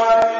Amen.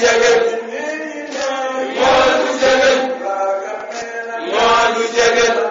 jege moo nu jege moo nu jege